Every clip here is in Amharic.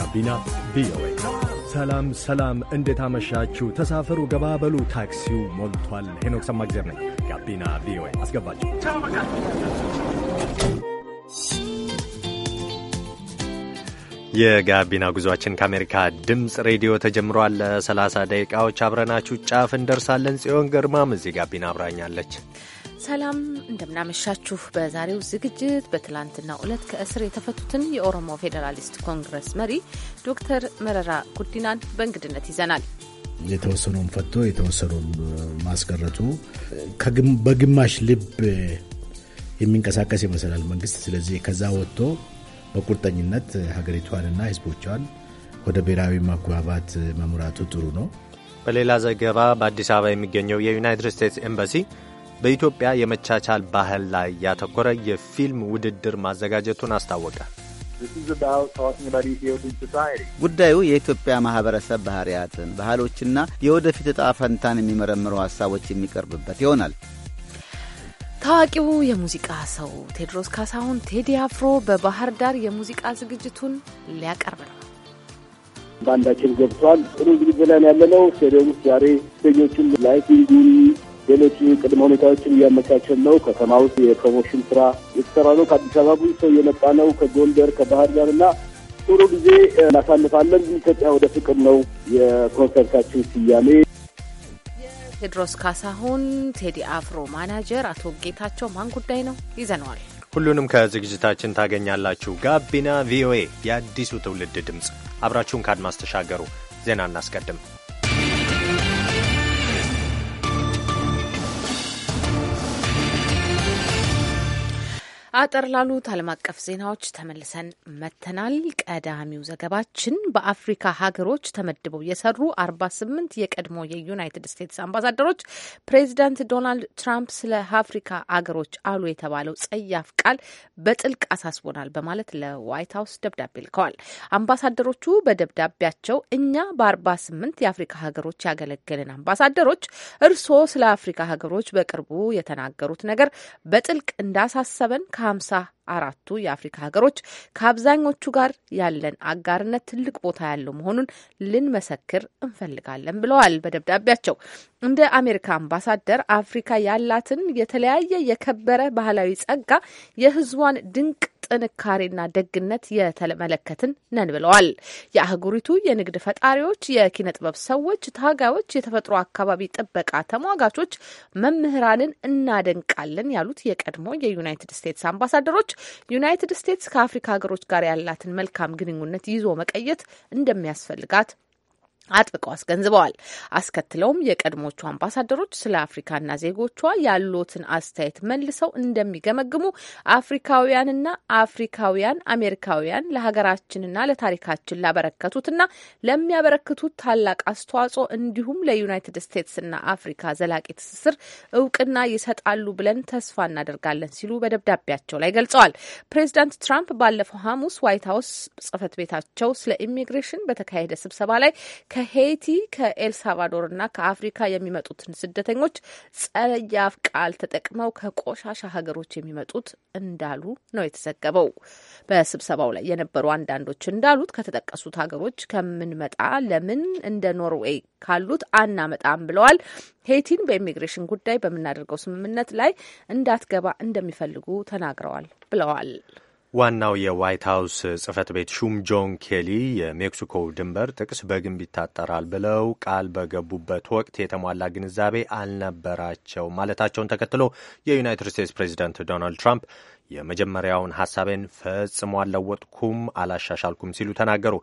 ጋቢና ቪኦኤ። ሰላም ሰላም፣ እንዴት አመሻችሁ? ተሳፈሩ፣ ገባበሉ፣ ታክሲው ሞልቷል። ሄኖክ ሰማግዜር ነኝ። ጋቢና ቪኦኤ ሰላም ሰላም እንዴት አመሻችሁ ተሳፈሩ በሉ ታክሲው ሞልቷል ሄኖክ ሰማግዜር ነኝ ጋቢና ቪኦኤ አስገባችሁ የጋቢና ጉዟችን ከአሜሪካ ድምፅ ሬዲዮ ተጀምሯል። ለ30 ደቂቃዎች አብረናችሁ ጫፍ እንደርሳለን። ጽዮን ግርማም እዚህ ጋቢና አብራኛለች። ሰላም እንደምናመሻችሁ። በዛሬው ዝግጅት በትላንትናው ዕለት ከእስር የተፈቱትን የኦሮሞ ፌዴራሊስት ኮንግረስ መሪ ዶክተር መረራ ጉዲናን በእንግድነት ይዘናል። የተወሰኑን ፈቶ የተወሰኑን ማስቀረቱ በግማሽ ልብ የሚንቀሳቀስ ይመስላል መንግስት። ስለዚህ ከዛ ወጥቶ በቁርጠኝነት ሀገሪቷንና ህዝቦቿን ወደ ብሔራዊ መግባባት መምራቱ ጥሩ ነው። በሌላ ዘገባ በአዲስ አበባ የሚገኘው የዩናይትድ ስቴትስ ኤምባሲ በኢትዮጵያ የመቻቻል ባህል ላይ ያተኮረ የፊልም ውድድር ማዘጋጀቱን አስታወቀ። ጉዳዩ የኢትዮጵያ ማህበረሰብ ባህርያትን፣ ባህሎችና የወደፊት ዕጣ ፈንታን የሚመረምሩ ሀሳቦች የሚቀርብበት ይሆናል። ታዋቂው የሙዚቃ ሰው ቴዎድሮስ ካሳሁን ቴዲ አፍሮ በባህር ዳር የሙዚቃ ዝግጅቱን ሊያቀርብ ነው። ባንዳችን ገብቷል። ጥሩ ዝግጅት ላይ ያለነው ስቴዲየም ውስጥ ዛሬ ስኞቹን ላይ ሌሎች ቅድመ ሁኔታዎችን እያመቻቸን ነው። ከተማ ውስጥ የፕሮሞሽን ስራ የተሰራ ነው። ከአዲስ አበባ ብዙ ሰው እየመጣ ነው። ከጎንደር ከባህር ዳር እና ጥሩ ጊዜ እናሳልፋለን። ኢትዮጵያ ወደ ፍቅር ነው የኮንሰርታችን ስያሜ። ቴድሮስ ካሳሁን ቴዲ አፍሮ ማናጀር አቶ ጌታቸው ማን ጉዳይ ነው ይዘነዋል። ሁሉንም ከዝግጅታችን ታገኛላችሁ። ጋቢና ቪኦኤ የአዲሱ ትውልድ ድምፅ፣ አብራችሁን ካድማስ ተሻገሩ። ዜና እናስቀድም። አጠር ላሉት ዓለም አቀፍ ዜናዎች ተመልሰን መተናል። ቀዳሚው ዘገባችን በአፍሪካ ሀገሮች ተመድበው የሰሩ አርባ ስምንት የቀድሞ የዩናይትድ ስቴትስ አምባሳደሮች ፕሬዚዳንት ዶናልድ ትራምፕ ስለ አፍሪካ አገሮች አሉ የተባለው ጸያፍ ቃል በጥልቅ አሳስቦናል በማለት ለዋይት ሀውስ ደብዳቤ ልከዋል። አምባሳደሮቹ በደብዳቤያቸው እኛ በአርባ ስምንት የአፍሪካ ሀገሮች ያገለገልን አምባሳደሮች እርስዎ ስለ አፍሪካ ሀገሮች በቅርቡ የተናገሩት ነገር በጥልቅ እንዳሳሰበን ከሀምሳ አራቱ የአፍሪካ ሀገሮች ከአብዛኞቹ ጋር ያለን አጋርነት ትልቅ ቦታ ያለው መሆኑን ልንመሰክር እንፈልጋለን ብለዋል በደብዳቤያቸው። እንደ አሜሪካ አምባሳደር አፍሪካ ያላትን የተለያየ የከበረ ባህላዊ ጸጋ፣ የህዝቧን ድንቅ ጥንካሬና ደግነት የተመለከትን ነን ብለዋል። የአህጉሪቱ የንግድ ፈጣሪዎች፣ የኪነ ጥበብ ሰዎች፣ ታጋዮች፣ የተፈጥሮ አካባቢ ጥበቃ ተሟጋቾች፣ መምህራንን እናደንቃለን ያሉት የቀድሞ የዩናይትድ ስቴትስ አምባሳደሮች ዩናይትድ ስቴትስ ከአፍሪካ ሀገሮች ጋር ያላትን መልካም ግንኙነት ይዞ መቀየት እንደሚያስፈልጋት አጥብቀው አስገንዝበዋል። አስከትለውም የቀድሞቹ አምባሳደሮች ስለ አፍሪካና ዜጎቿ ያሉትን አስተያየት መልሰው እንደሚገመግሙ አፍሪካውያንና አፍሪካውያን አሜሪካውያን ለሀገራችንና ለታሪካችን ላበረከቱትና ለሚያበረክቱት ታላቅ አስተዋጽኦ እንዲሁም ለዩናይትድ ስቴትስና አፍሪካ ዘላቂ ትስስር እውቅና ይሰጣሉ ብለን ተስፋ እናደርጋለን ሲሉ በደብዳቤያቸው ላይ ገልጸዋል። ፕሬዚዳንት ትራምፕ ባለፈው ሐሙስ ዋይት ሀውስ ጽህፈት ቤታቸው ስለ ኢሚግሬሽን በተካሄደ ስብሰባ ላይ ከ ከሄይቲ እና ከአፍሪካ የሚመጡትን ስደተኞች ጸያፍ ቃል ተጠቅመው ከቆሻሻ ሀገሮች የሚመጡት እንዳሉ ነው የተዘገበው። በስብሰባው ላይ የነበሩ አንዳንዶች እንዳሉት ከተጠቀሱት ሀገሮች ከምንመጣ ለምን እንደ ኖርዌይ ካሉት አናመጣም ብለዋል። ሄይቲን በኢሚግሬሽን ጉዳይ በምናደርገው ስምምነት ላይ እንዳትገባ እንደሚፈልጉ ተናግረዋል ብለዋል። ዋናው የዋይት ሀውስ ጽህፈት ቤት ሹም ጆን ኬሊ የሜክሲኮ ድንበር ጥቅስ በግንብ ይታጠራል ብለው ቃል በገቡበት ወቅት የተሟላ ግንዛቤ አልነበራቸው ማለታቸውን ተከትሎ የዩናይትድ ስቴትስ ፕሬዚዳንት ዶናልድ ትራምፕ የመጀመሪያውን ሀሳቤን ፈጽሞ አልለወጥኩም፣ አላሻሻልኩም ሲሉ ተናገሩ።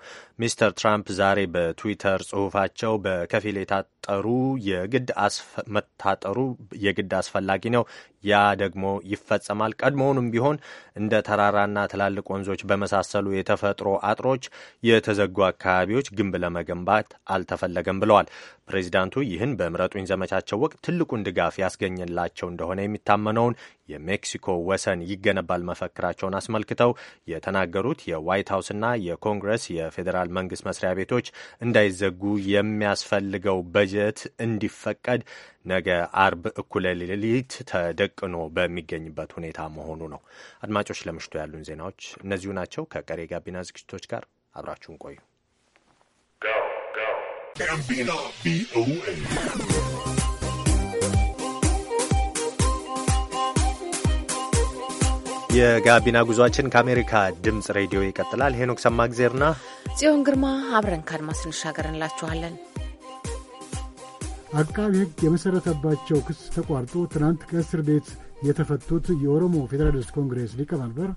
ሚስተር ትራምፕ ዛሬ በትዊተር ጽሑፋቸው በከፊል የታጠሩ የግድ መታጠሩ የግድ አስፈላጊ ነው፣ ያ ደግሞ ይፈጸማል። ቀድሞውንም ቢሆን እንደ ተራራና ትላልቅ ወንዞች በመሳሰሉ የተፈጥሮ አጥሮች የተዘጉ አካባቢዎች ግንብ ለመገንባት አልተፈለገም ብለዋል። ፕሬዚዳንቱ ይህን በምረጡኝ ዘመቻቸው ወቅት ትልቁን ድጋፍ ያስገኝላቸው እንደሆነ የሚታመነውን የሜክሲኮ ወሰን ይገነባል መፈክራቸውን አስመልክተው የተናገሩት የዋይት ሀውስና የኮንግረስ የፌዴራል መንግስት መስሪያ ቤቶች እንዳይዘጉ የሚያስፈልገው በጀት እንዲፈቀድ ነገ አርብ እኩለ ሌሊት ተደቅኖ በሚገኝበት ሁኔታ መሆኑ ነው። አድማጮች፣ ለምሽቱ ያሉን ዜናዎች እነዚሁ ናቸው። ከቀሪ ጋቢና ዝግጅቶች ጋር አብራችሁን ቆዩ። ጋቢና ቪኦኤ የጋቢና ጉዟችን ከአሜሪካ ድምፅ ሬዲዮ ይቀጥላል። ሄኖክ ሰማግዜርና ጽዮን ግርማ አብረን ካድማስ እንሻገር እንላችኋለን። አቃቢ ሕግ የመሠረተባቸው ክስ ተቋርጦ ትናንት ከእስር ቤት የተፈቱት የኦሮሞ ፌዴራሊስት ኮንግሬስ ሊቀመንበር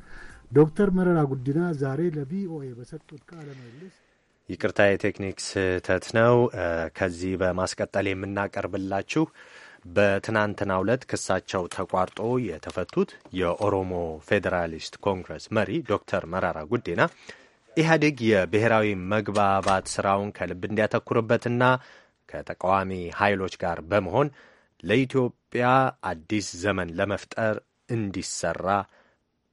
ዶክተር መረራ ጉዲና ዛሬ ለቪኦኤ በሰጡት ቃለ ይቅርታ የቴክኒክ ስህተት ነው። ከዚህ በማስቀጠል የምናቀርብላችሁ በትናንትናው ዕለት ክሳቸው ተቋርጦ የተፈቱት የኦሮሞ ፌዴራሊስት ኮንግረስ መሪ ዶክተር መራራ ጉዲና ኢህአዴግ የብሔራዊ መግባባት ስራውን ከልብ እንዲያተኩርበትና ከተቃዋሚ ኃይሎች ጋር በመሆን ለኢትዮጵያ አዲስ ዘመን ለመፍጠር እንዲሰራ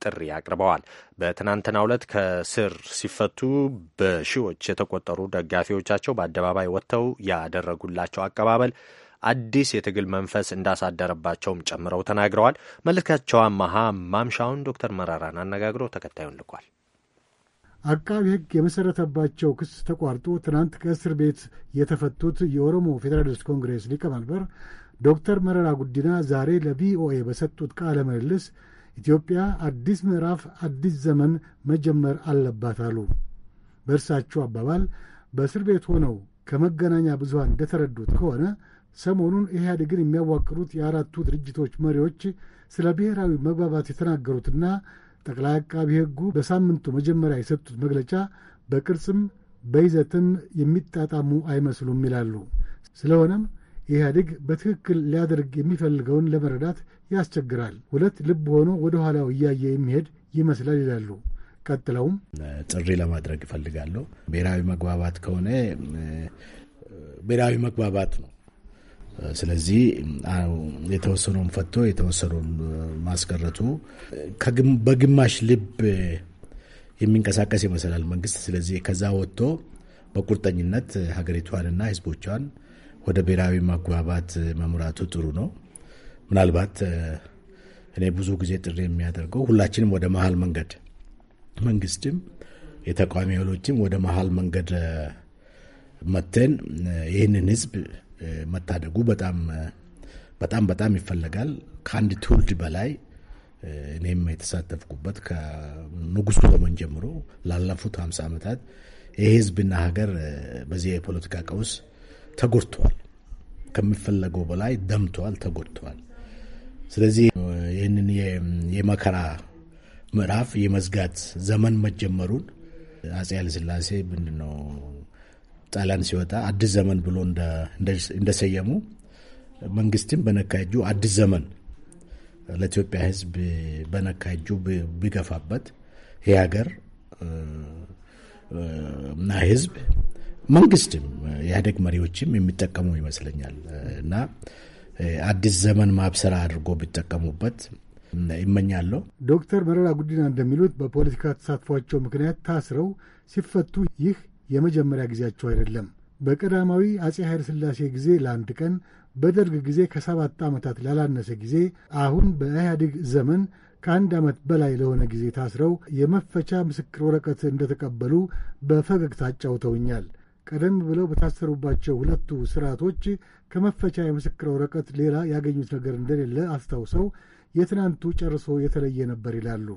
ጥሪ አቅርበዋል። በትናንትናው ዕለት ከስር ሲፈቱ በሺዎች የተቆጠሩ ደጋፊዎቻቸው በአደባባይ ወጥተው ያደረጉላቸው አቀባበል አዲስ የትግል መንፈስ እንዳሳደረባቸውም ጨምረው ተናግረዋል። መለስካቸው አመሃ ማምሻውን ዶክተር መራራን አነጋግሮ ተከታዩን ልኳል። አቃቢ ሕግ የመሠረተባቸው ክስ ተቋርጦ ትናንት ከእስር ቤት የተፈቱት የኦሮሞ ፌዴራሊስት ኮንግሬስ ሊቀመንበር ዶክተር መረራ ጉዲና ዛሬ ለቪኦኤ በሰጡት ቃለ ምልልስ ኢትዮጵያ አዲስ ምዕራፍ፣ አዲስ ዘመን መጀመር አለባት አሉ። በእርሳቸው አባባል በእስር ቤት ሆነው ከመገናኛ ብዙሃን እንደተረዱት ከሆነ ሰሞኑን ኢህአዴግን የሚያዋቅሩት የአራቱ ድርጅቶች መሪዎች ስለ ብሔራዊ መግባባት የተናገሩትና ጠቅላይ አቃቢ ሕጉ በሳምንቱ መጀመሪያ የሰጡት መግለጫ በቅርጽም በይዘትም የሚጣጣሙ አይመስሉም ይላሉ። ስለሆነም ኢህአዴግ በትክክል ሊያደርግ የሚፈልገውን ለመረዳት ያስቸግራል። ሁለት ልብ ሆኖ ወደ ኋላው እያየ የሚሄድ ይመስላል ይላሉ። ቀጥለውም ጥሪ ለማድረግ ይፈልጋሉ። ብሔራዊ መግባባት ከሆነ ብሔራዊ መግባባት ነው። ስለዚህ የተወሰኑን ፈቶ የተወሰኑን ማስቀረቱ በግማሽ ልብ የሚንቀሳቀስ ይመስላል መንግስት። ስለዚህ ከዛ ወጥቶ በቁርጠኝነት ሀገሪቷንና ህዝቦቿን ወደ ብሔራዊ መግባባት መምራቱ ጥሩ ነው። ምናልባት እኔ ብዙ ጊዜ ጥሪ የሚያደርገው ሁላችንም ወደ መሀል መንገድ መንግስትም የተቃዋሚ ኃይሎችም ወደ መሀል መንገድ መተን ይህንን ህዝብ መታደጉ በጣም በጣም በጣም ይፈለጋል። ከአንድ ትውልድ በላይ እኔም የተሳተፍኩበት ከንጉሱ ዘመን ጀምሮ ላለፉት ሀምሳ ዓመታት ይህ ህዝብና ሀገር በዚህ የፖለቲካ ቀውስ ተጎድተዋል። ከሚፈለገው በላይ ደምተዋል፣ ተጎድተዋል። ስለዚህ ይህንን የመከራ ምዕራፍ የመዝጋት ዘመን መጀመሩን አፄ ኃይለሥላሴ ምንድነው ጣሊያን ሲወጣ አዲስ ዘመን ብሎ እንደሰየሙ መንግስትም በነካ እጁ አዲስ ዘመን ለኢትዮጵያ ሕዝብ በነካ እጁ ቢገፋበት ይህ ሀገር እና ሕዝብ መንግስትም የኢህአዴግ መሪዎችም የሚጠቀሙ ይመስለኛል እና አዲስ ዘመን ማብሰራ አድርጎ ቢጠቀሙበት ይመኛለሁ። ዶክተር መረራ ጉዲና እንደሚሉት በፖለቲካ ተሳትፏቸው ምክንያት ታስረው ሲፈቱ ይህ የመጀመሪያ ጊዜያቸው አይደለም። በቀዳማዊ አጼ ኃይለሥላሴ ጊዜ ለአንድ ቀን፣ በደርግ ጊዜ ከሰባት ዓመታት ላላነሰ ጊዜ፣ አሁን በኢህአዴግ ዘመን ከአንድ ዓመት በላይ ለሆነ ጊዜ ታስረው የመፈቻ ምስክር ወረቀት እንደተቀበሉ በፈገግታ አጫውተውኛል። ቀደም ብለው በታሰሩባቸው ሁለቱ ስርዓቶች ከመፈቻ የምስክር ወረቀት ሌላ ያገኙት ነገር እንደሌለ አስታውሰው የትናንቱ ጨርሶ የተለየ ነበር ይላሉ።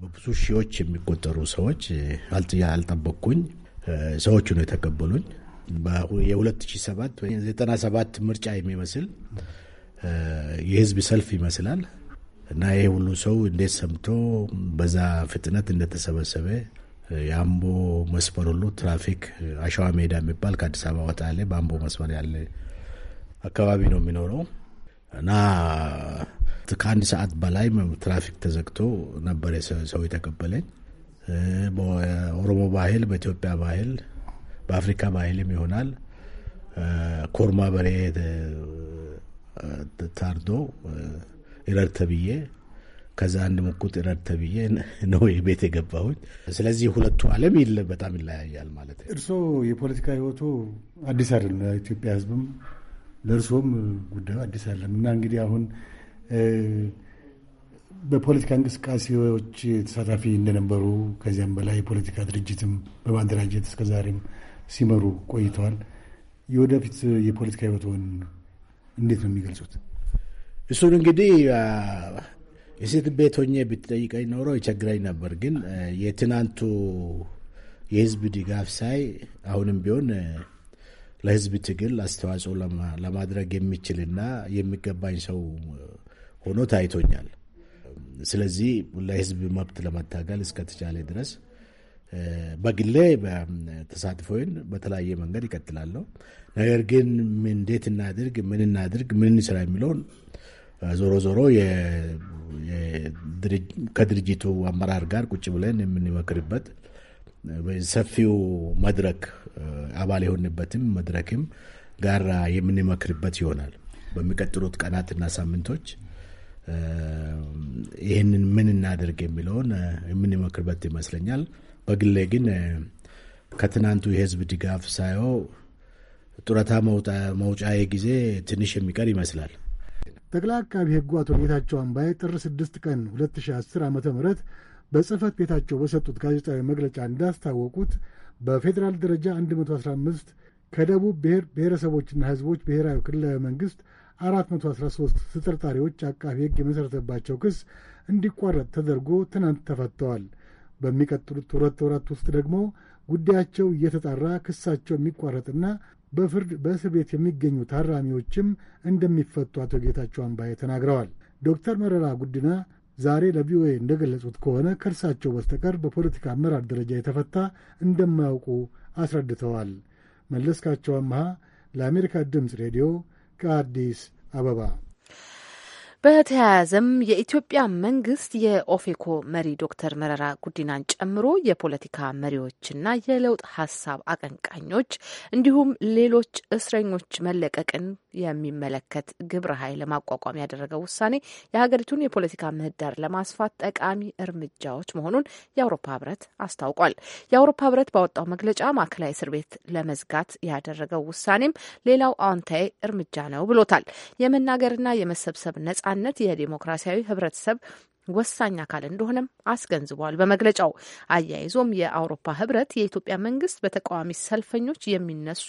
በብዙ ሺዎች የሚቆጠሩ ሰዎች አልጠበቅኩኝ። ሰዎቹ ነው የተቀበሉኝ። የ2007 97 ምርጫ የሚመስል የህዝብ ሰልፍ ይመስላል እና ይህ ሁሉ ሰው እንዴት ሰምቶ በዛ ፍጥነት እንደተሰበሰበ የአምቦ መስመር ሁሉ ትራፊክ አሸዋ ሜዳ የሚባል ከአዲስ አበባ ወጣ ያለ በአምቦ መስመር ያለ አካባቢ ነው የሚኖረው እና ከአንድ ሰዓት በላይ ትራፊክ ተዘግቶ ነበር ሰው የተቀበለኝ። በኦሮሞ ባህል፣ በኢትዮጵያ ባህል፣ በአፍሪካ ባህልም ይሆናል ኮርማ በሬ ታርዶ ይረድ ተብዬ ከዛ አንድ ምቁት ረድተ ብዬ ነው ቤት የገባሁኝ። ስለዚህ ሁለቱ ዓለም በጣም ይለያያል ማለት ነው። እርስዎ የፖለቲካ ህይወቱ አዲስ አይደለም፣ ለኢትዮጵያ ህዝብም ለእርስዎም ጉዳዩ አዲስ አይደለም እና እንግዲህ አሁን በፖለቲካ እንቅስቃሴዎች ተሳታፊ እንደነበሩ ከዚያም በላይ የፖለቲካ ድርጅትም በማደራጀት እስከዛሬም ሲመሩ ቆይተዋል። የወደፊት የፖለቲካ ህይወትን እንዴት ነው የሚገልጹት? እሱን እንግዲህ እስር ቤት ሆኜ ብትጠይቀኝ ኖሮ ይቸግረኝ ነበር። ግን የትናንቱ የህዝብ ድጋፍ ሳይ አሁንም ቢሆን ለህዝብ ትግል አስተዋጽኦ ለማድረግ የሚችልና የሚገባኝ ሰው ሆኖ ታይቶኛል። ስለዚህ ለህዝብ መብት ለመታገል እስከተቻለ ድረስ በግሌ ተሳትፎዬን በተለያየ መንገድ ይቀጥላለሁ። ነገር ግን እንዴት እናድርግ፣ ምን እናድርግ፣ ምን ስራ የሚለውን ዞሮ ዞሮ ከድርጅቱ አመራር ጋር ቁጭ ብለን የምንመክርበት ሰፊው መድረክ አባል የሆንበትም መድረክም ጋራ የምንመክርበት ይሆናል። በሚቀጥሉት ቀናትና ሳምንቶች ይህንን ምን እናደርግ የሚለውን የምንመክርበት ይመስለኛል። በግሌ ግን ከትናንቱ የህዝብ ድጋፍ ሳየው ጡረታ መውጫ ጊዜ ትንሽ የሚቀር ይመስላል። ጠቅላይ አቃቢ ሕጉ አቶ ጌታቸው አምባይ ጥር 6 ቀን 2010 ዓ ም በጽህፈት ቤታቸው በሰጡት ጋዜጣዊ መግለጫ እንዳስታወቁት በፌዴራል ደረጃ 115 ከደቡብ ብሔር ብሔረሰቦችና ሕዝቦች ብሔራዊ ክልላዊ መንግሥት 413 ተጠርጣሪዎች አቃቢ ሕግ የመሠረተባቸው ክስ እንዲቋረጥ ተደርጎ ትናንት ተፈተዋል። በሚቀጥሉት ሁለት ወራት ውስጥ ደግሞ ጉዳያቸው እየተጣራ ክሳቸው የሚቋረጥና በፍርድ በእስር ቤት የሚገኙ ታራሚዎችም እንደሚፈቱ አቶ ጌታቸው አምባዬ ተናግረዋል። ዶክተር መረራ ጉዲና ዛሬ ለቪኦኤ እንደገለጹት ከሆነ ከእርሳቸው በስተቀር በፖለቲካ አመራር ደረጃ የተፈታ እንደማያውቁ አስረድተዋል። መለስካቸው አመሃ ለአሜሪካ ድምፅ ሬዲዮ ከአዲስ አበባ በተያያዘም የኢትዮጵያ መንግስት የኦፌኮ መሪ ዶክተር መረራ ጉዲናን ጨምሮ የፖለቲካ መሪዎችና የለውጥ ሀሳብ አቀንቃኞች እንዲሁም ሌሎች እስረኞች መለቀቅን የሚመለከት ግብረ ኃይል ለማቋቋም ያደረገው ውሳኔ የሀገሪቱን የፖለቲካ ምህዳር ለማስፋት ጠቃሚ እርምጃዎች መሆኑን የአውሮፓ ህብረት አስታውቋል። የአውሮፓ ህብረት ባወጣው መግለጫ ማዕከላዊ እስር ቤት ለመዝጋት ያደረገው ውሳኔም ሌላው አዎንታዊ እርምጃ ነው ብሎታል። የመናገርና የመሰብሰብ ነጻ ነጻነት የዲሞክራሲያዊ ህብረተሰብ ወሳኝ አካል እንደሆነም አስገንዝቧል። በመግለጫው አያይዞም የአውሮፓ ህብረት የኢትዮጵያ መንግስት በተቃዋሚ ሰልፈኞች የሚነሱ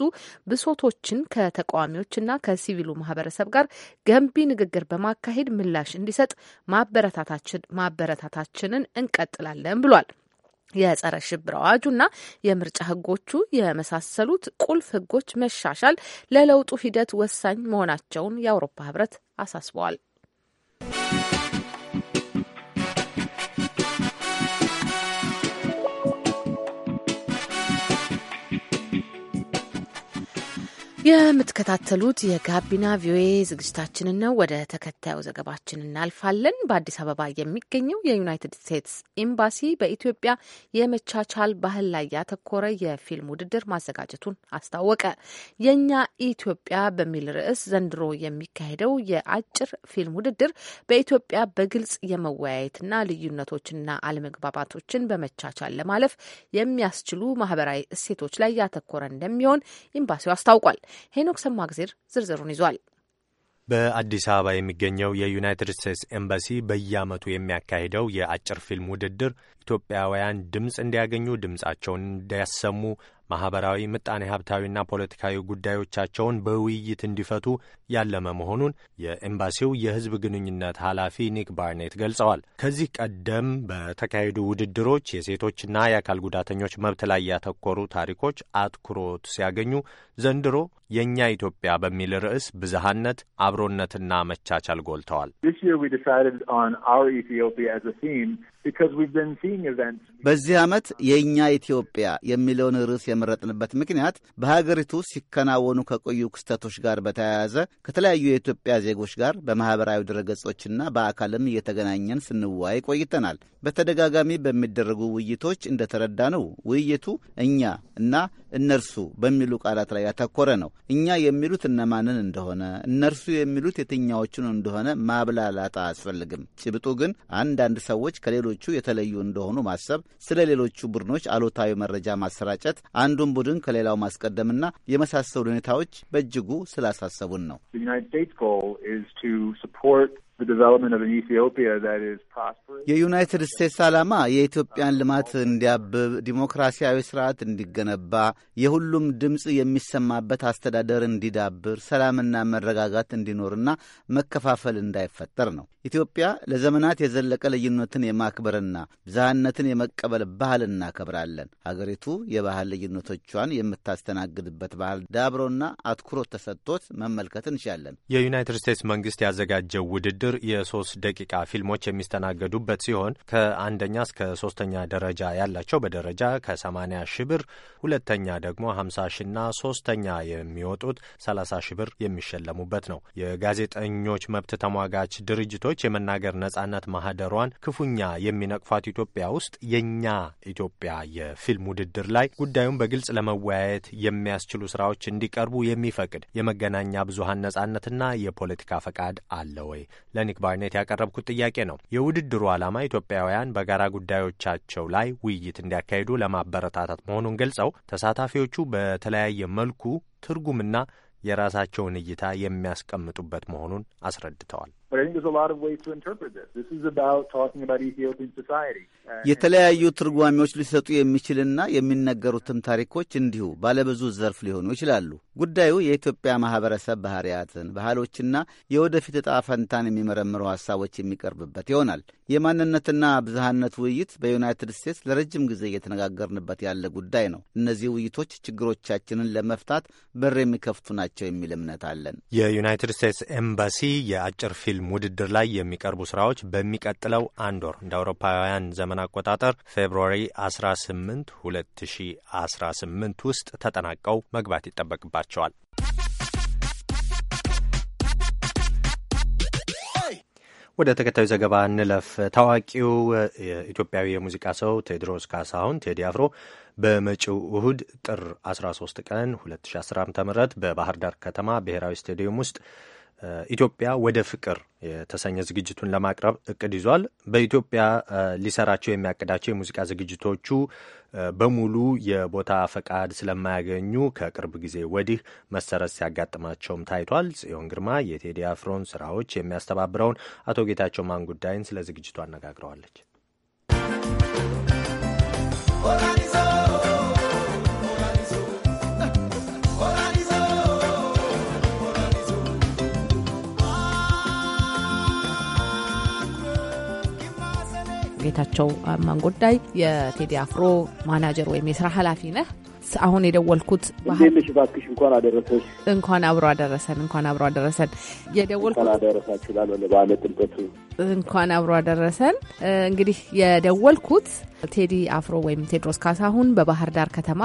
ብሶቶችን ከተቃዋሚዎችና ከሲቪሉ ማህበረሰብ ጋር ገንቢ ንግግር በማካሄድ ምላሽ እንዲሰጥ ማበረታታችን ማበረታታችንን እንቀጥላለን ብሏል። የጸረ ሽብር አዋጁና የምርጫ ህጎቹ የመሳሰሉት ቁልፍ ህጎች መሻሻል ለለውጡ ሂደት ወሳኝ መሆናቸውን የአውሮፓ ህብረት አሳስበዋል። Bye. የምትከታተሉት የጋቢና ቪኦኤ ዝግጅታችንን ነው። ወደ ተከታዩ ዘገባችን እናልፋለን። በአዲስ አበባ የሚገኘው የዩናይትድ ስቴትስ ኤምባሲ በኢትዮጵያ የመቻቻል ባህል ላይ ያተኮረ የፊልም ውድድር ማዘጋጀቱን አስታወቀ። የእኛ ኢትዮጵያ በሚል ርዕስ ዘንድሮ የሚካሄደው የአጭር ፊልም ውድድር በኢትዮጵያ በግልጽ የመወያየትና ልዩነቶችና አለመግባባቶችን በመቻቻል ለማለፍ የሚያስችሉ ማህበራዊ እሴቶች ላይ ያተኮረ እንደሚሆን ኤምባሲው አስታውቋል። ሄኖክ ሰማግዜር ዝርዝሩን ይዟል። በአዲስ አበባ የሚገኘው የዩናይትድ ስቴትስ ኤምባሲ በየዓመቱ የሚያካሂደው የአጭር ፊልም ውድድር ኢትዮጵያውያን ድምፅ እንዲያገኙ፣ ድምፃቸውን እንዲያሰሙ፣ ማኅበራዊ፣ ምጣኔ ሀብታዊና ፖለቲካዊ ጉዳዮቻቸውን በውይይት እንዲፈቱ ያለመ መሆኑን የኤምባሲው የሕዝብ ግንኙነት ኃላፊ ኒክ ባርኔት ገልጸዋል። ከዚህ ቀደም በተካሄዱ ውድድሮች የሴቶችና የአካል ጉዳተኞች መብት ላይ ያተኮሩ ታሪኮች አትኩሮት ሲያገኙ ዘንድሮ የእኛ ኢትዮጵያ በሚል ርዕስ ብዝሃነት፣ አብሮነትና መቻቻል ጎልተዋል። በዚህ ዓመት የእኛ ኢትዮጵያ የሚለውን ርዕስ የመረጥንበት ምክንያት በሀገሪቱ ሲከናወኑ ከቆዩ ክስተቶች ጋር በተያያዘ ከተለያዩ የኢትዮጵያ ዜጎች ጋር በማኅበራዊ ድረገጾችና በአካልም እየተገናኘን ስንወያይ ቆይተናል። በተደጋጋሚ በሚደረጉ ውይይቶች እንደተረዳ ነው ውይይቱ እኛ እና እነርሱ በሚሉ ቃላት ላይ ያተኮረ ነው። እኛ የሚሉት እነማንን እንደሆነ እነርሱ የሚሉት የትኛዎቹን እንደሆነ ማብላላት አያስፈልግም። ጭብጡ ግን አንዳንድ ሰዎች ከሌሎቹ የተለዩ እንደሆኑ ማሰብ፣ ስለ ሌሎቹ ቡድኖች አሉታዊ መረጃ ማሰራጨት፣ አንዱን ቡድን ከሌላው ማስቀደምና የመሳሰሉ ሁኔታዎች በእጅጉ ስላሳሰቡን ነው። የዩናይትድ ስቴትስ ዓላማ የኢትዮጵያን ልማት እንዲያብብ፣ ዲሞክራሲያዊ ስርዓት እንዲገነባ፣ የሁሉም ድምፅ የሚሰማበት አስተዳደር እንዲዳብር፣ ሰላምና መረጋጋት እንዲኖርና መከፋፈል እንዳይፈጠር ነው። ኢትዮጵያ ለዘመናት የዘለቀ ልዩነትን የማክበርና ብዝሃነትን የመቀበል ባህል እናከብራለን። ሀገሪቱ የባህል ልዩነቶቿን የምታስተናግድበት ባህል ዳብሮና አትኩሮት ተሰጥቶት መመልከት እንሻለን። የዩናይትድ ስቴትስ መንግስት ያዘጋጀው ውድድር አስር የሶስት ደቂቃ ፊልሞች የሚስተናገዱበት ሲሆን ከአንደኛ እስከ ሶስተኛ ደረጃ ያላቸው በደረጃ ከ ሺ ብር፣ ሁለተኛ ደግሞ 50 ሺና ሶስተኛ የሚወጡት 30 ሺ ብር የሚሸለሙበት ነው። የጋዜጠኞች መብት ተሟጋች ድርጅቶች የመናገር ነጻነት ማህደሯን ክፉኛ የሚነቅፏት ኢትዮጵያ ውስጥ የእኛ ኢትዮጵያ የፊልም ውድድር ላይ ጉዳዩን በግልጽ ለመወያየት የሚያስችሉ ስራዎች እንዲቀርቡ የሚፈቅድ የመገናኛ ብዙሀን ነጻነትና የፖለቲካ ፈቃድ አለ ወይ? ለኒክ ባርኔት ያቀረብኩት ጥያቄ ነው። የውድድሩ ዓላማ ኢትዮጵያውያን በጋራ ጉዳዮቻቸው ላይ ውይይት እንዲያካሂዱ ለማበረታታት መሆኑን ገልጸው ተሳታፊዎቹ በተለያየ መልኩ ትርጉምና የራሳቸውን እይታ የሚያስቀምጡበት መሆኑን አስረድተዋል። የተለያዩ ትርጓሜዎች ሊሰጡ የሚችልና የሚነገሩትም ታሪኮች እንዲሁ ባለብዙ ዘርፍ ሊሆኑ ይችላሉ። ጉዳዩ የኢትዮጵያ ማኅበረሰብ ባህሪያትን፣ ባህሎችና የወደፊት እጣ ፈንታን የሚመረምሩ ሐሳቦች የሚቀርብበት ይሆናል። የማንነትና ብዝሃነት ውይይት በዩናይትድ ስቴትስ ለረጅም ጊዜ እየተነጋገርንበት ያለ ጉዳይ ነው። እነዚህ ውይይቶች ችግሮቻችንን ለመፍታት በር የሚከፍቱ ናቸው የሚል እምነት አለን። የዩናይትድ ስቴትስ ኤምባሲ የአጭር ፊልም ፊልም ውድድር ላይ የሚቀርቡ ስራዎች በሚቀጥለው አንድ ወር እንደ አውሮፓውያን ዘመን አቆጣጠር ፌብርዋሪ 18 2018 ውስጥ ተጠናቀው መግባት ይጠበቅባቸዋል። ወደ ተከታዩ ዘገባ እንለፍ። ታዋቂው ኢትዮጵያዊ የሙዚቃ ሰው ቴዎድሮስ ካሳሁን ቴዲ አፍሮ በመጪው እሁድ ጥር 13 ቀን 2015 ዓ ም በባህር ዳር ከተማ ብሔራዊ ስቴዲየም ውስጥ ኢትዮጵያ ወደ ፍቅር የተሰኘ ዝግጅቱን ለማቅረብ እቅድ ይዟል። በኢትዮጵያ ሊሰራቸው የሚያቅዳቸው የሙዚቃ ዝግጅቶቹ በሙሉ የቦታ ፈቃድ ስለማያገኙ ከቅርብ ጊዜ ወዲህ መሰረት ሲያጋጥማቸውም ታይቷል። ጽዮን ግርማ የቴዲ አፍሮን ስራዎች የሚያስተባብረውን አቶ ጌታቸው ማንጉዳይን ስለ ዝግጅቱ አነጋግረዋለች። ጌታቸው ጉዳይ የቴዲ አፍሮ ማናጀር ወይም የስራ ኃላፊ ነህ። አሁን የደወልኩት እንዴት እባክሽ፣ እንኳን አደረሰች እንኳን አብሮ አደረሰን። እንኳን አብሮ አደረሰን። የደወልኩት አደረሳችሁ ላለ በዓለ ጥምቀቱ እንኳን አብሮ አደረሰን። እንግዲህ የደወልኩት ቴዲ አፍሮ ወይም ቴድሮስ ካሳሁን በባህር ዳር ከተማ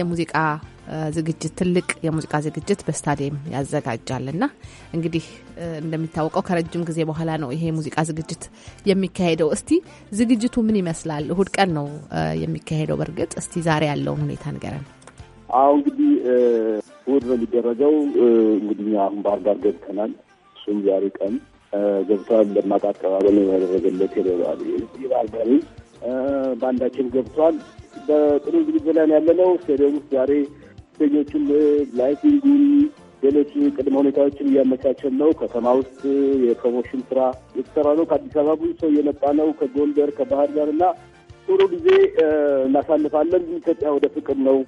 የሙዚቃ ዝግጅት ትልቅ የሙዚቃ ዝግጅት በስታዲየም ያዘጋጃልና እንግዲህ እንደሚታወቀው ከረጅም ጊዜ በኋላ ነው ይሄ የሙዚቃ ዝግጅት የሚካሄደው። እስቲ ዝግጅቱ ምን ይመስላል? እሁድ ቀን ነው የሚካሄደው። በእርግጥ እስቲ ዛሬ ያለውን ሁኔታ ንገረን። አሁ እንግዲህ እሁድ ነው የሚደረገው። እንግዲህ አሁን ባህር ዳር ገብተናል። እሱም ዛሬ ቀን ገብቷል። ደማቅ አቀባበል ያደረገለት ሄደዋል። ባህር ዳር ባንዳችን ገብቷል። በጥሩ ዝግጅት ላይ ያለነው ስቴዲየም ውስጥ ዛሬ ልጆችን ላይቲንጉን፣ ሌሎች ቅድመ ሁኔታዎችን እያመቻቸን ነው። ከተማ ውስጥ የፕሮሞሽን ስራ የተሰራ ነው። ከአዲስ አበባ ብዙ ሰው እየመጣ ነው። ከጎንደር ከባህር ዳር እና ጥሩ ጊዜ እናሳልፋለን። ኢትዮጵያ ወደ ፍቅር ነው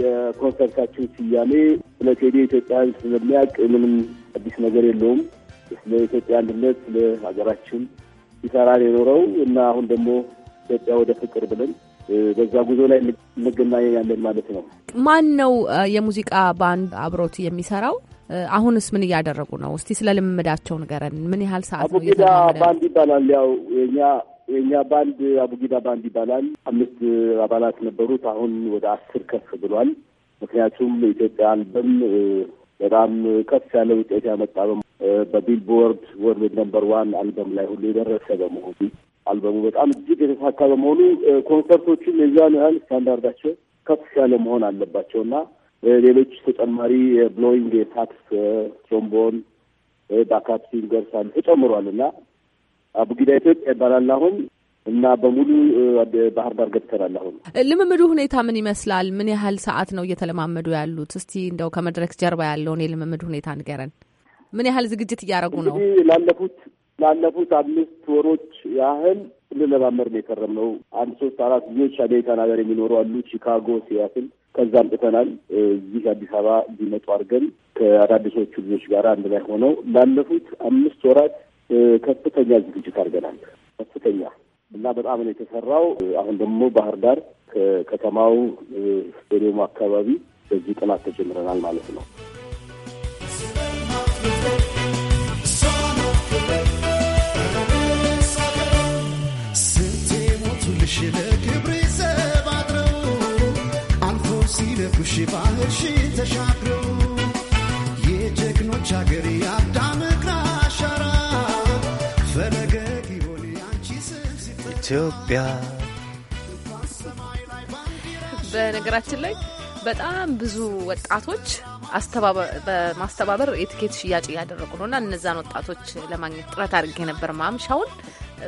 የኮንሰርታችን ስያሜ። ስለ ቴዲ ኢትዮጵያ ስለሚያውቅ ምንም አዲስ ነገር የለውም። ስለ ኢትዮጵያ አንድነት፣ ስለ ሀገራችን ይሰራል የኖረው እና አሁን ደግሞ ኢትዮጵያ ወደ ፍቅር ብለን በዛ ጉዞ ላይ እንገናኛለን ማለት ነው። ማን ነው የሙዚቃ ባንድ አብሮት የሚሰራው? አሁንስ ምን እያደረጉ ነው? እስቲ ስለ ልምምዳቸው ንገረን። ምን ያህል ሰዓት ነው? አቡጊዳ ባንድ ይባላል። ያው የኛ የእኛ ባንድ አቡጊዳ ባንድ ይባላል። አምስት አባላት ነበሩት። አሁን ወደ አስር ከፍ ብሏል። ምክንያቱም የኢትዮጵያ አልበም በጣም ከፍ ያለ ውጤት ያመጣ በቢልቦርድ ወርልድ ነምበር ዋን አልበም ላይ ሁሉ የደረሰ በመሆኑ አልበሙ በጣም እጅግ የተሳካ በመሆኑ ኮንሰርቶቹም የዛን ያህል ስታንዳርዳቸው ከፍ ያለ መሆን አለባቸው እና ሌሎች ተጨማሪ የብሎዊንግ የታክስ ትሮምቦን፣ ባካፕ ሲንገርስ ተጨምሯል እና አቡጊዳ ኢትዮጵያ ይባላል አሁን እና በሙሉ ባህር ዳር ገብተናል። አሁን ልምምዱ ሁኔታ ምን ይመስላል? ምን ያህል ሰዓት ነው እየተለማመዱ ያሉት? እስቲ እንደው ከመድረክ ጀርባ ያለውን የልምምድ ሁኔታ ንገረን። ምን ያህል ዝግጅት እያደረጉ ነው? ላለፉት ላለፉት አምስት ወሮች ያህል ልንለማመድ ነው ነው። አንድ ሶስት አራት ልጆች አሜሪካን ሀገር የሚኖሩ አሉ፣ ቺካጎ፣ ሲያትል ከዛ አምጥተናል። እዚህ አዲስ አበባ እንዲመጡ አድርገን ከአዳዲሶቹ ልጆች ጋር አንድ ላይ ሆነው ላለፉት አምስት ወራት ከፍተኛ ዝግጅት አድርገናል። ከፍተኛ እና በጣም ነው የተሰራው። አሁን ደግሞ ባህር ዳር ከከተማው ስቴዲየሙ አካባቢ በዚህ ጥናት ተጀምረናል ማለት ነው። ኢትዮጵያ በነገራችን ላይ በጣም ብዙ ወጣቶች በማስተባበር የትኬት ሽያጭ እያደረጉ ነው እና እነዛን ወጣቶች ለማግኘት ጥረት አድርጌ ነበር ማምሻውን።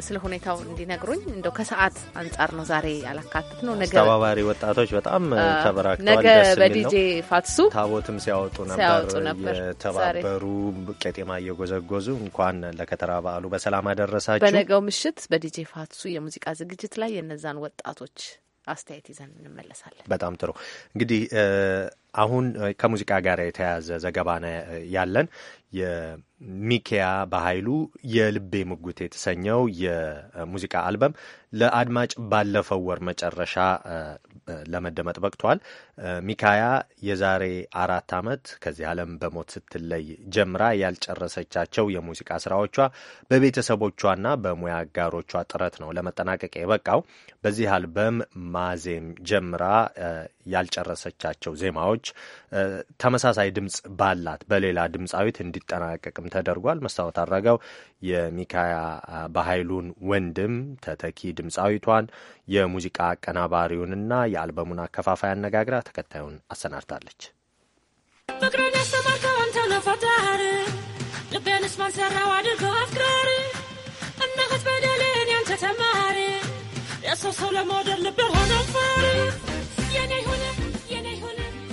ስለ ሁኔታው እንዲነግሩኝ እንደው ከሰዓት አንጻር ነው ዛሬ ያላካትት ነው። ነገ አስተባባሪ ወጣቶች በጣም ተበራክተዋል። ነገ በዲጄ ፋትሱ ታቦትም ሲያወጡ ነበር የተባበሩ ቄጤማ እየጎዘጎዙ እንኳን ለከተራ በዓሉ በሰላም አደረሳችሁ። በነገው ምሽት በዲጄ ፋትሱ የሙዚቃ ዝግጅት ላይ የነዛን ወጣቶች አስተያየት ይዘን እንመለሳለን። በጣም ጥሩ እንግዲህ አሁን ከሙዚቃ ጋር የተያያዘ ዘገባ ያለን የሚኪያ በኃይሉ የልቤ ምጉት የተሰኘው የሙዚቃ አልበም ለአድማጭ ባለፈው ወር መጨረሻ ለመደመጥ በቅቷል። ሚካያ የዛሬ አራት ዓመት ከዚህ ዓለም በሞት ስትለይ ጀምራ ያልጨረሰቻቸው የሙዚቃ ስራዎቿ በቤተሰቦቿና በሙያ አጋሮቿ ጥረት ነው ለመጠናቀቅ የበቃው። በዚህ አልበም ማዜም ጀምራ ያልጨረሰቻቸው ዜማዎች ተመሳሳይ ድምፅ ባላት በሌላ ድምፃዊት እንዲጠናቀቅም ተደርጓል። መስታወት አድረገው የሚካያ በኃይሉን ወንድም ተተኪ ድምፃዊቷን የሙዚቃ አቀናባሪውንና የአልበሙን አከፋፋይ አነጋግራ ተከታዩን አሰናድታለች። ፍቅርን ያስተማርከው አንተ ነህ ልቤንስ ማን አድርገው አፍቃሪ እናት በደሌን ያንተ ተማሪ የሰው ሰው ለመውደድ ልቤን ሆነ ፋሪ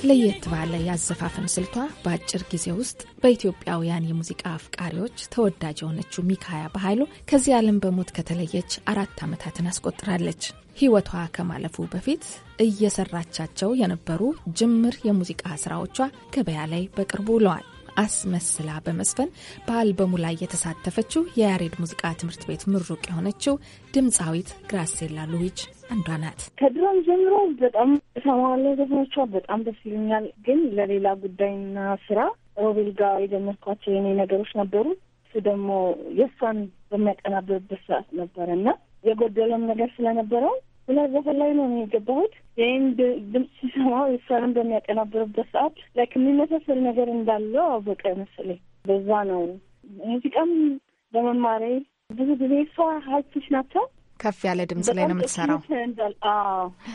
ለየት ባለ ያዘፋፈን ስልቷ በአጭር ጊዜ ውስጥ በኢትዮጵያውያን የሙዚቃ አፍቃሪዎች ተወዳጅ የሆነችው ሚካያ በኃይሉ ከዚህ ዓለም በሞት ከተለየች አራት ዓመታትን አስቆጥራለች። ሕይወቷ ከማለፉ በፊት እየሰራቻቸው የነበሩ ጅምር የሙዚቃ ስራዎቿ ገበያ ላይ በቅርቡ ውለዋል። አስመስላ በመስፈን በአልበሙ ላይ የተሳተፈችው የያሬድ ሙዚቃ ትምህርት ቤት ምሩቅ የሆነችው ድምፃዊት ግራሴላ ሉዊጅ አንዷ ናት። ከድሮም ጀምሮ በጣም ሰማዋለሁ ዘፈኖቿ በጣም ደስ ይሉኛል። ግን ለሌላ ጉዳይና ስራ ሮቤል ጋር የጀመርኳቸው የኔ ነገሮች ነበሩ። እሱ ደግሞ የእሷን በሚያቀናብርበት ሰዓት ነበረ እና የጎደለም ነገር ስለነበረው ሁለት ዘፈን ላይ ነው የገባሁት። ይህን ድምፅ ሲሰማው እሷንም በሚያቀናብርበት ሰዓት ላይክ የሚመሳሰል ነገር እንዳለው አወቀ መሰለኝ። በዛ ነው ሙዚቃም በመማሬ ብዙ ጊዜ እሷ ሀርቲስት ናቸው። ከፍ ያለ ድምፅ ላይ ነው የምትሰራው።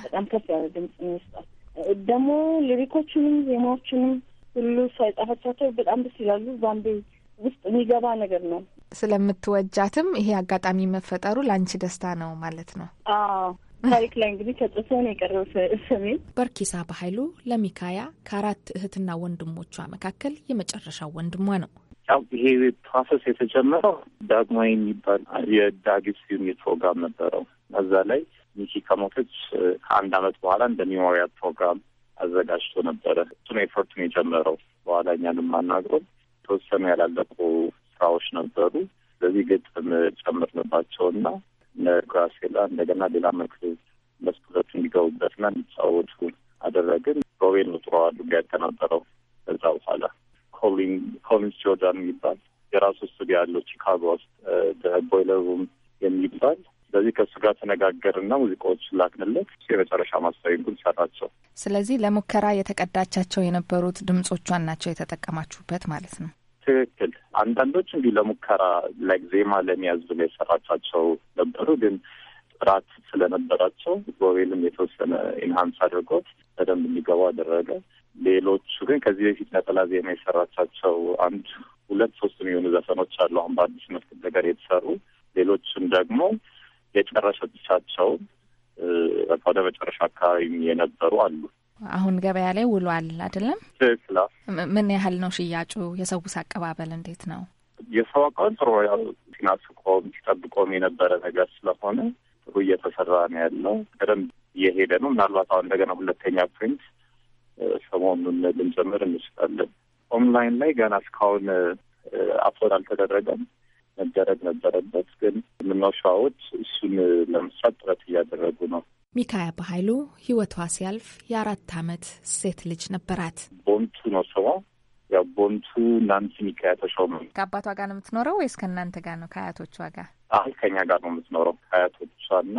በጣም ከፍ ያለ ድምፅ ነው ይስጣል። ደግሞ ሊሪኮቹንም ዜማዎቹንም ሁሉ እሷ የጻፈቻቸው በጣም ደስ ይላሉ። ባንዴ ውስጥ የሚገባ ነገር ነው። ስለምትወጃትም ይሄ አጋጣሚ መፈጠሩ ለአንቺ ደስታ ነው ማለት ነው። አዎ ታሪክ ላይ እንግዲህ ተጽፎ ነው የቀረው ስሜን። በርኪሳ በኃይሉ ለሚካያ ከአራት እህትና ወንድሞቿ መካከል የመጨረሻው ወንድሟ ነው። ያው ይሄ ፕሮሰስ የተጀመረው ዳግማ የሚባል የዳግስ ዩኒት ፕሮግራም ነበረው። እዛ ላይ ሚኪ ከሞተች ከአንድ አመት በኋላ እንደ ሜሞሪያል ፕሮግራም አዘጋጅቶ ነበረ። እሱን ኤፈርቱን የጀመረው በኋላ እኛን የማናግረው ያላለቁ ስራዎች ነበሩ። ስለዚህ ግጥም ጨምርንባቸውና እነ ግራሴላ እንደገና ሌላ መክት መስክሎች እንዲገቡበት እንዲገቡበትና እንዲጫወቱ አደረግን። ሮቤን ነው ጥሩ አድርጎ ያቀናበረው። ከዛ በኋላ ኮሊንስ ጆርዳን የሚባል የራሱ ስቱዲዮ ያለው ቺካጎ ውስጥ ቦይለር ሩም የሚባል ስለዚህ ከእሱ ጋር ተነጋገርና ሙዚቃዎች ላክንለት። የመጨረሻ ማስተሪንጉን ሰራቸው። ስለዚህ ለሙከራ የተቀዳቻቸው የነበሩት ድምጾቿን ናቸው የተጠቀማችሁበት ማለት ነው። ትክክል። አንዳንዶች እንዲሁ ለሙከራ ላይ ዜማ ለመያዝ ብለ የሰራቻቸው ነበሩ ግን ጥራት ስለነበራቸው ጎቤልም የተወሰነ ኢንሃንስ አድርጎት በደንብ የሚገባው አደረገ። ሌሎቹ ግን ከዚህ በፊት ነጠላ ዜማ የሰራቻቸው አንድ ሁለት ሶስት የሚሆኑ ዘፈኖች አሉ አሁን በአዲስ መልክ ነገር የተሰሩ ሌሎችም ደግሞ የጨረሰቻቸው በቃ ወደ መጨረሻ አካባቢ የነበሩ አሉ። አሁን ገበያ ላይ ውሏል አይደለም? ምን ያህል ነው ሽያጩ? የሰውስ አቀባበል እንዴት ነው? የሰው አቀባበል ጥሩ፣ ያው ሲናፍቆም ሲጠብቆም የነበረ ነገር ስለሆነ ጥሩ እየተሰራ ነው ያለው። በደንብ እየሄደ ነው። ምናልባት አሁን እንደገና ሁለተኛ ፕሪንት ሰሞኑን ልንጀምር እንችላለን። ኦንላይን ላይ ገና እስካሁን አፕሎድ አልተደረገም። መደረግ ነበረበት፣ ግን ምናሻዎች እሱን ለመስራት ጥረት እያደረጉ ነው። ሚካያ በኃይሉ ህይወቷ ሲያልፍ የአራት ዓመት ሴት ልጅ ነበራት። ቦንቱ ነው ስሟ። ያው ቦንቱ ናንቲ ሚካያ ተሾመ። ከአባቷ ጋር ነው የምትኖረው ወይስ ከእናንተ ጋር ነው? ከአያቶቿ ጋር? አይ ከኛ ጋር ነው የምትኖረው። ከአያቶቿ እና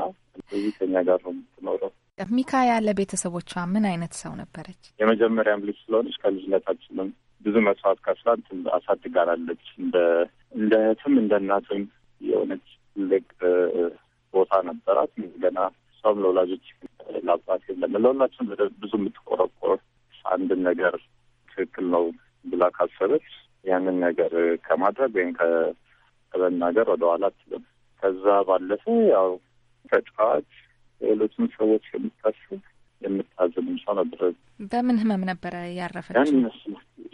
እዚህ ከኛ ጋር ነው የምትኖረው። ሚካያ ለቤተሰቦቿ ምን አይነት ሰው ነበረች? የመጀመሪያም ልጅ ስለሆነች ከልጅነታችንም ብዙ መስዋዕት ከፍላ አሳድጋናለች። እንደ እንደ እህትም እንደ እናትም የሆነች ትልቅ ቦታ ነበራት ገና ሰውም ለወላጆች ለአባት የለም ለሁላችን ብዙ የምትቆረቆር አንድን ነገር ትክክል ነው ብላ ካሰበች ያንን ነገር ከማድረግ ወይም ከመናገር ወደኋላ አትልም። ከዛ ባለፈ ያው ተጫዋች ሌሎችም ሰዎች የምታስብ የምታዝም ሰው ነበረ። በምን ህመም ነበረ ያረፈችው?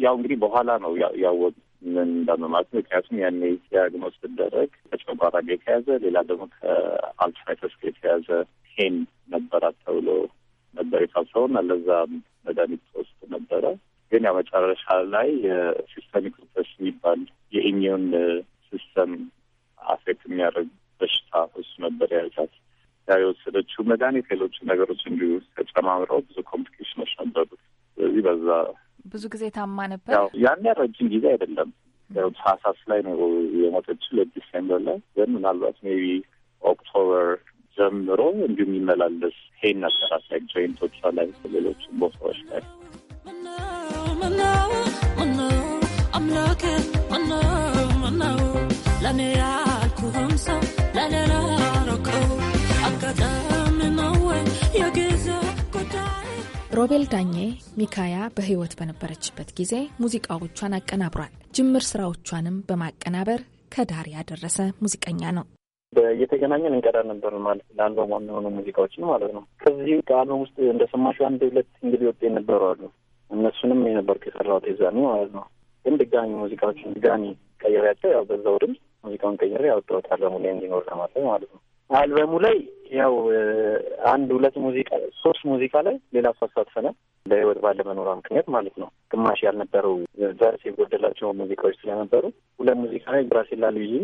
ያው እንግዲህ በኋላ ነው ያወቁት ምን በመማት ምክንያቱም ያኔ ዲያግኖስ ስደረግ ከጨጓራ ጋር የተያዘ ሌላ ደግሞ ከአልትራይተስ ጋር የተያዘ ሄን ነበራት ተብሎ ነበር የታሰበው እና ለዛ መድኃኒት ተወስዶ ነበረ። ግን ያው መጨረሻ ላይ የሲስተሚክ ሪፕሬሽን የሚባል የኢሚዩን ሲስተም አፌክት የሚያደርግ በሽታ እሱ ነበር ያልቻት። ያ የወሰደችው መድኃኒት ሌሎች ነገሮች እንዲሁ ተጨማምረው ብዙ ኮምፕሊኬሽኖች ነበሩት። ስለዚህ በዛ ብዙ ጊዜ ታማ ነበር። ያን ረጅም ጊዜ አይደለም። ያው ታህሳስ ላይ ነው የሞተችው፣ ለዲሴምበር ላይ ግን ምናልባት ሜቢ ኦክቶበር ጀምሮ እንዲሁም ይመላለስ ሄን ነበራት ላይ ጆይንቶቿ ላይ ሌሎችም ቦታዎች ላይ ለኔ ያልኩህም ሰው ለሌላ ረከው አጋጣሚ ነው ወይ የግ ሮቤል ዳኜ ሚካያ በሕይወት በነበረችበት ጊዜ ሙዚቃዎቿን አቀናብሯል። ጅምር ስራዎቿንም በማቀናበር ከዳር ያደረሰ ሙዚቀኛ ነው። እየተገናኘን እንቀዳ ነበር ማለት ለአልበም የሆኑ ሙዚቃዎችን ማለት ነው። ከዚህ ከአልበም ውስጥ እንደሰማሽው አንድ ሁለት እንግዲህ ወጥ የነበሩ አሉ። እነሱንም የነበርኩ የሰራሁት የዛኔ ማለት ነው። ግን ድጋሚ ሙዚቃዎችን ድጋሚ ቀይሬያቸው ያው በዛው ድምፅ ሙዚቃውን ቀይሬ ያወጣሁት አልበሙ ላይ እንዲኖር ለማድረግ ማለት ነው። አልበሙ ላይ ያው አንድ ሁለት ሙዚቃ ሶስት ሙዚቃ ላይ ሌላ ሰው አሳትፈናል። ለህይወት ባለመኖሯ ምክንያት ማለት ነው። ግማሽ ያልነበረው ዛሬ የጎደላቸው ሙዚቃዎች ስለነበሩ ሁለት ሙዚቃ ላይ ብራሴ ላሉ ይ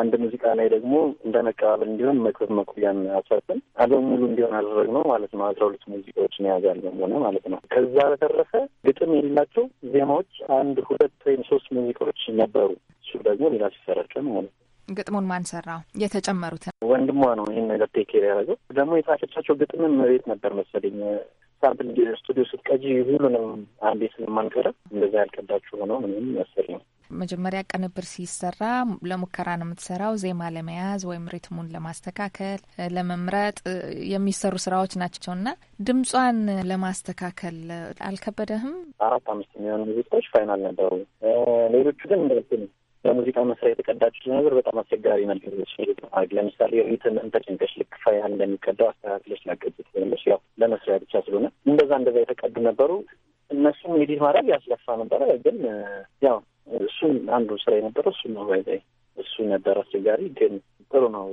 አንድ ሙዚቃ ላይ ደግሞ እንደ መቀባበል እንዲሆን መክበብ መኩያን አሳትፈን አልበሙ ሙሉ እንዲሆን አደረግ ነው ማለት ነው። አስራ ሁለት ሙዚቃዎች ነው የያዘ አልበም ሆነ ማለት ነው። ከዛ በተረፈ ግጥም የሌላቸው ዜማዎች አንድ ሁለት ወይም ሶስት ሙዚቃዎች ነበሩ። እሱ ደግሞ ሌላ ሲሰራቸው ነው ማለት ነው። ግጥሙን ማን ሰራው? የተጨመሩትን ወንድሟ ነው ይህን ነገር ቴክር ያደረገው። ደግሞ የጻፈቻቸው ግጥምን መሬት ነበር መሰለኝ ሳምፕል ስቱዲዮ ስትቀጂ ሁሉንም አንዴ ስለማንቀረ እንደዛ ያልቀዳችሁ ሆኖ ምንም መሰለኝ ነው። መጀመሪያ ቅንብር ሲሰራ ለሙከራ ነው የምትሰራው። ዜማ ለመያዝ ወይም ሪትሙን ለማስተካከል ለመምረጥ የሚሰሩ ስራዎች ናቸው እና ድምጿን ለማስተካከል አልከበደህም? አራት አምስት የሚሆኑ ሙዚቃዎች ፋይናል ነበሩ። ሌሎቹ ግን እንደዚህ ነው በሙዚቃ መስሪያ የተቀዳችው ነገር በጣም አስቸጋሪ ነገር ለምሳሌ ሪትምን ተጨንቀሽ ልክ ፋያ እንደሚቀዳው አስተካክለሽ ላገብት ወይ ያው ለመስሪያ ብቻ ስለሆነ እንደዛ እንደዛ የተቀዱ ነበሩ። እነሱም ኤዲት ማድረግ ያስለፋ ነበረ። ግን ያው እሱም አንዱ ስራ የነበረው እሱ ነው ባይዛይ እሱ ነበር አስቸጋሪ፣ ግን ጥሩ ነው።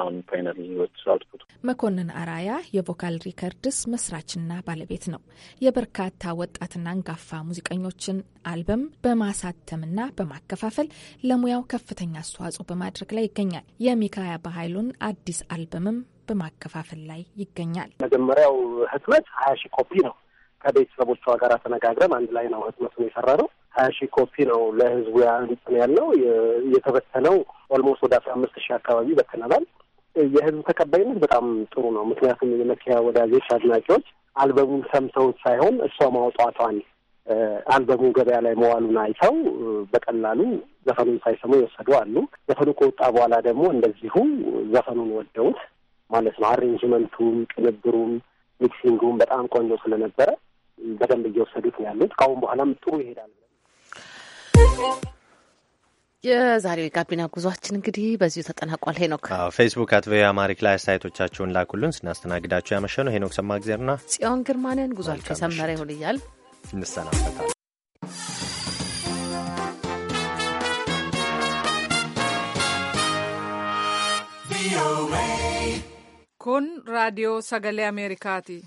አሁን ፋይናል ወጡ አውትፑት። መኮንን አራያ የቮካል ሪከርድስ መስራችና ባለቤት ነው። የበርካታ ወጣትና አንጋፋ ሙዚቀኞችን አልበም በማሳተምና በማከፋፈል ለሙያው ከፍተኛ አስተዋጽኦ በማድረግ ላይ ይገኛል። የሚካያ በኃይሉን አዲስ አልበምም በማከፋፈል ላይ ይገኛል። መጀመሪያው ህትመት ሀያ ሺ ኮፒ ነው። ከቤተሰቦቿ ጋር ተነጋግረን አንድ ላይ ነው ህትመቱን የሰራ ነው ሀያ ሺህ ኮፒ ነው ለህዝቡ ያንጽን ያለው የተበተነው ኦልሞስት ወደ አስራ አምስት ሺህ አካባቢ በተናላል። የህዝቡ ተቀባይነት በጣም ጥሩ ነው። ምክንያቱም የመኪያ ወዳጆች፣ አድናቂዎች አልበሙን ሰምተውት ሳይሆን እሷ ማውጣቷን አልበሙ ገበያ ላይ መዋሉን አይተው በቀላሉ ዘፈኑን ሳይሰሙ የወሰዱ አሉ። ዘፈኑ ከወጣ በኋላ ደግሞ እንደዚሁ ዘፈኑን ወደውት ማለት ነው። አሬንጅመንቱም፣ ቅንብሩም፣ ሚክሲንጉም በጣም ቆንጆ ስለነበረ በደንብ እየወሰዱት ያሉት። ከአሁን በኋላም ጥሩ ይሄዳል። የዛሬው የጋቢና ጉዟችን እንግዲህ በዚሁ ተጠናቋል። ሄኖክ ፌስቡክ አት ቪኦኤ አማሪክ ላይ አስተያየቶቻችሁን ላኩልን። ስናስተናግዳችሁ ያመሸ ነው ሄኖክ ሰማ ጊዜርና ጽዮን ግርማንን ጉዟችሁ የሰመረ ይሁን እያል እንሰናበታል። Kun ራዲዮ ሰገሌ አሜሪካቲ